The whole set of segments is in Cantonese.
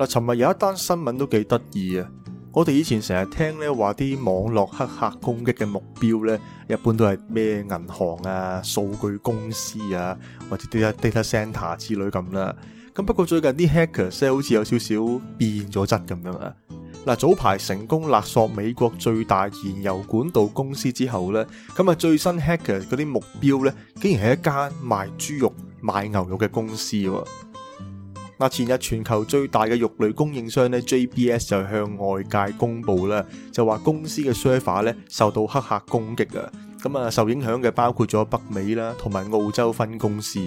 嗱，尋日有一單新聞都幾得意啊！我哋以前成日聽咧話啲網絡黑客攻擊嘅目標咧，一般都係咩銀行啊、數據公司啊，或者 data center 之類咁啦。咁不過最近啲 hackers 咧，好似有少少變咗質咁樣啊！嗱，早排成功勒索美國最大燃油管道公司之後咧，咁啊最新 hackers 嘅嗰啲目標咧，竟然係一間賣豬肉、賣牛肉嘅公司喎。嗱，前日全球最大嘅肉類供應商咧，JBS 就向外界公布啦，就話公司嘅 server 咧受到黑客攻擊啊，咁啊受影響嘅包括咗北美啦同埋澳洲分公司。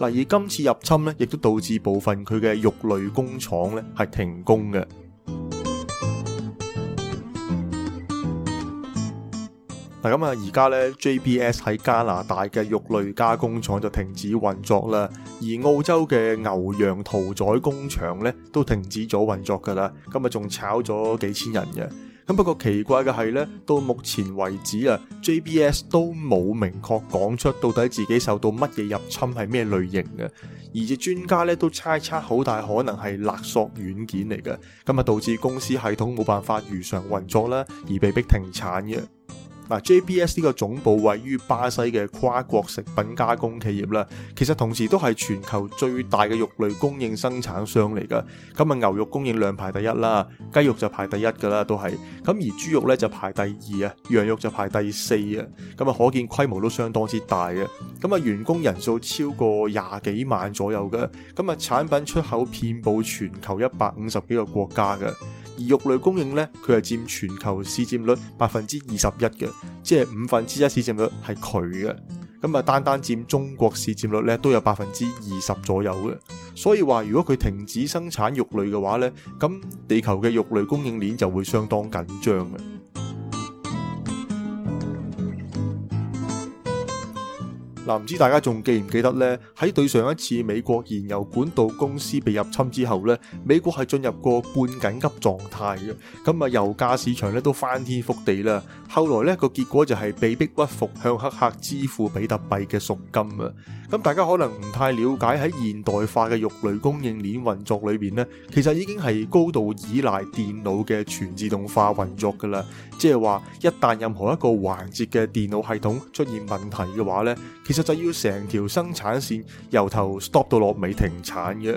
嗱，而今次入侵咧，亦都導致部分佢嘅肉類工廠咧係停工嘅。嗱，咁啊，而家咧，JBS 喺加拿大嘅肉類加工廠就停止運作啦，而澳洲嘅牛羊屠宰工廠咧都停止咗運作噶啦，今日仲炒咗幾千人嘅。咁不過奇怪嘅係咧，到目前為止啊，JBS 都冇明確講出到底自己受到乜嘢入侵係咩類型嘅，而只專家咧都猜測好大可能係勒索軟件嚟嘅，咁啊導致公司系統冇辦法如常運作啦，而被逼停產嘅。嗱，JBS 呢個總部位於巴西嘅跨國食品加工企業啦，其實同時都係全球最大嘅肉類供應生產商嚟噶。咁啊牛肉供應量排第一啦，雞肉就排第一噶啦，都係。咁而豬肉呢就排第二啊，羊肉就排第四啊。咁啊，可見規模都相當之大嘅。咁啊，員工人數超過廿幾萬左右嘅。咁啊，產品出口遍佈全球一百五十幾個國家嘅。而肉類供應呢，佢係佔全球市佔率百分之二十一嘅，即係五分之一市佔率係佢嘅。咁啊，單單佔中國市佔率呢，都有百分之二十左右嘅。所以話，如果佢停止生產肉類嘅話呢，咁地球嘅肉類供應鏈就會相當緊張嘅。嗱，唔知大家仲記唔記得咧？喺對上一次美國燃油管道公司被入侵之後咧，美國係進入過半緊急狀態嘅。咁啊，油價市場咧都翻天覆地啦。後來咧個結果就係被逼屈服，向黑客支付比特幣嘅贖金啊。咁大家可能唔太了解喺現代化嘅肉類供應鏈運作裏邊咧，其實已經係高度依賴電腦嘅全自動化運作噶啦。即係話，一旦任何一個環節嘅電腦系統出現問題嘅話咧，其實就就要成條生產線由頭 stop 到落尾停產嘅。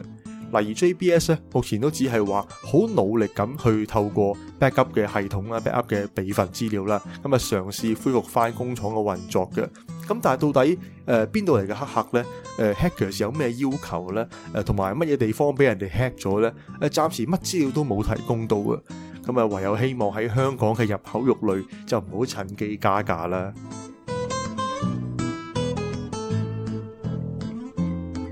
例如 JBS 咧，目前都只係話好努力咁去透過 backup 嘅系統啦、backup 嘅備份資料啦，咁啊嘗試恢復翻工廠嘅運作嘅。咁但係到底誒邊度嚟嘅黑客呢？誒 hackers 有咩要求呢？誒同埋乜嘢地方俾人哋 hack 咗呢？誒暫時乜資料都冇提供到嘅。咁啊唯有希望喺香港嘅入口肉類就唔好趁機加價啦。